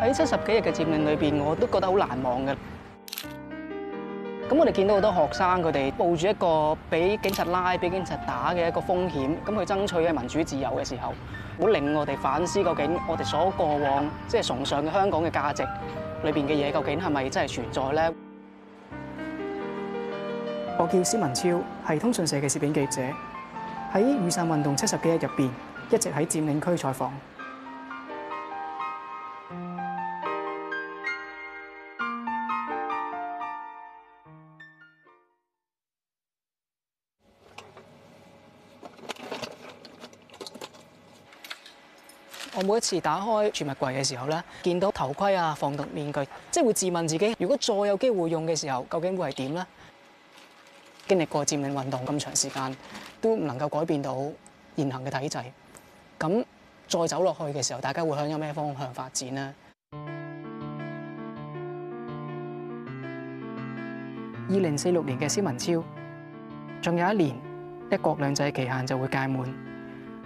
喺七十幾日嘅佔領裏邊，我都覺得好難忘嘅。咁我哋見到好多學生，佢哋冒住一個俾警察拉、俾警察打嘅一個風險，咁去爭取嘅民主自由嘅時候，好令我哋反思究竟我哋所過往即係、就是、崇尚嘅香港嘅價值裏邊嘅嘢，究竟係咪真係存在呢？我叫施文超，係通訊社嘅攝影記者，喺雨傘運動七十幾日入邊，一直喺佔領區採訪。我每一次打開儲物櫃嘅時候咧，見到頭盔啊、防毒面具，即係會自問自己：如果再有機會用嘅時候，究竟會係點咧？經歷過佔領運動咁長時間，都唔能夠改變到現行嘅體制。咁再走落去嘅時候，大家會向有咩方向發展呢？二零四六年嘅蕭文超，仲有一年，一國兩制期限就會屆滿。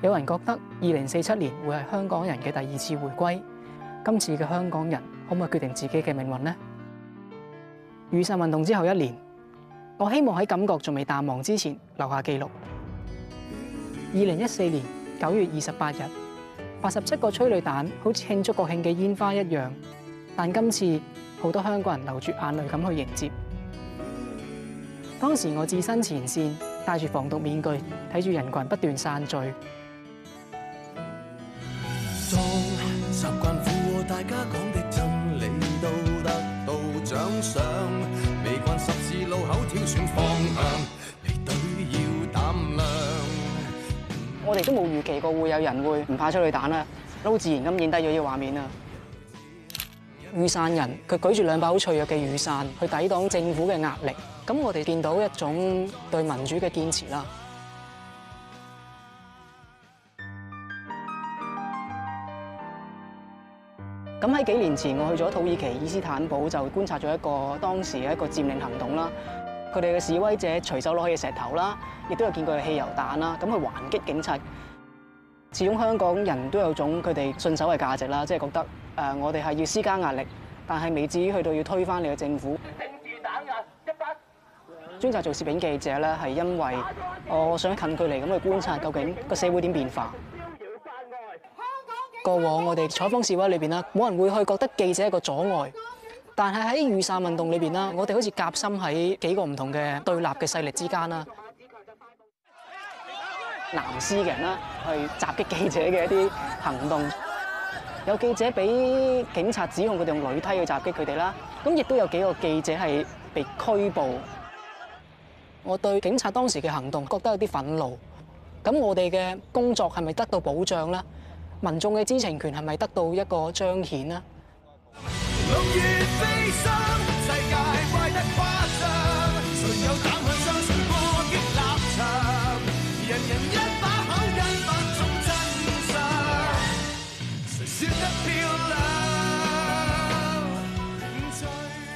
有人覺得二零四七年會係香港人嘅第二次回歸。今次嘅香港人可唔可以決定自己嘅命運呢？雨傘運動之後一年，我希望喺感覺仲未淡忘之前留下記錄。二零一四年九月二十八日，八十七個催淚彈好似慶祝國慶嘅煙花一樣，但今次好多香港人流住眼淚咁去迎接。當時我置身前線，戴住防毒面具，睇住人群不斷散聚。十字路口挑選方向，要膽量。我哋都冇預期過會有人會唔怕催淚彈啦，都自然咁影低咗呢個畫面啊！雨傘人，佢舉住兩把好脆弱嘅雨傘去抵擋政府嘅壓力，咁我哋見到一種對民主嘅堅持啦。咁喺幾年前我去咗土耳其伊斯坦堡，就觀察咗一個當時嘅一個佔領行動啦。佢哋嘅示威者隨手攞起石頭啦，亦都有見過汽油彈啦。咁佢還擊警察。始終香港人都有種佢哋信守嘅價值啦，即係覺得誒，我哋係要施加壓力，但係未至於去到要推翻你嘅政府。政治彈藥一發。專責做攝影記者咧，係因為我想近距離咁去觀察究竟個社會點變化。過往我哋採訪示威裏邊啦，冇人會去覺得記者一個阻礙。但係喺雨傘運動裏邊啦，我哋好似夾心喺幾個唔同嘅對立嘅勢力之間啦。男師嘅人啦，去襲擊記者嘅一啲行動，有記者俾警察指控佢哋用鋁梯去襲擊佢哋啦。咁亦都有幾個記者係被拘捕。我對警察當時嘅行動覺得有啲憤怒。咁我哋嘅工作係咪得到保障咧？民眾嘅知情權係咪得到一個彰顯呢？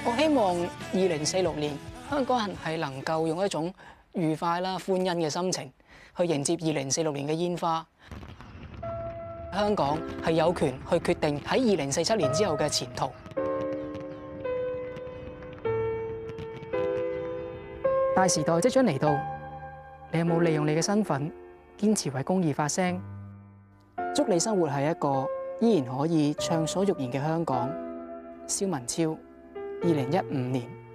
我希望二零四六年香港人係能夠用一種愉快啦、歡欣嘅心情去迎接二零四六年嘅煙花。香港係有權去決定喺二零四七年之後嘅前途。大時代即將嚟到，你有冇利用你嘅身份，堅持為公義發聲？祝你生活係一個依然可以暢所欲言嘅香港。蕭文超，二零一五年。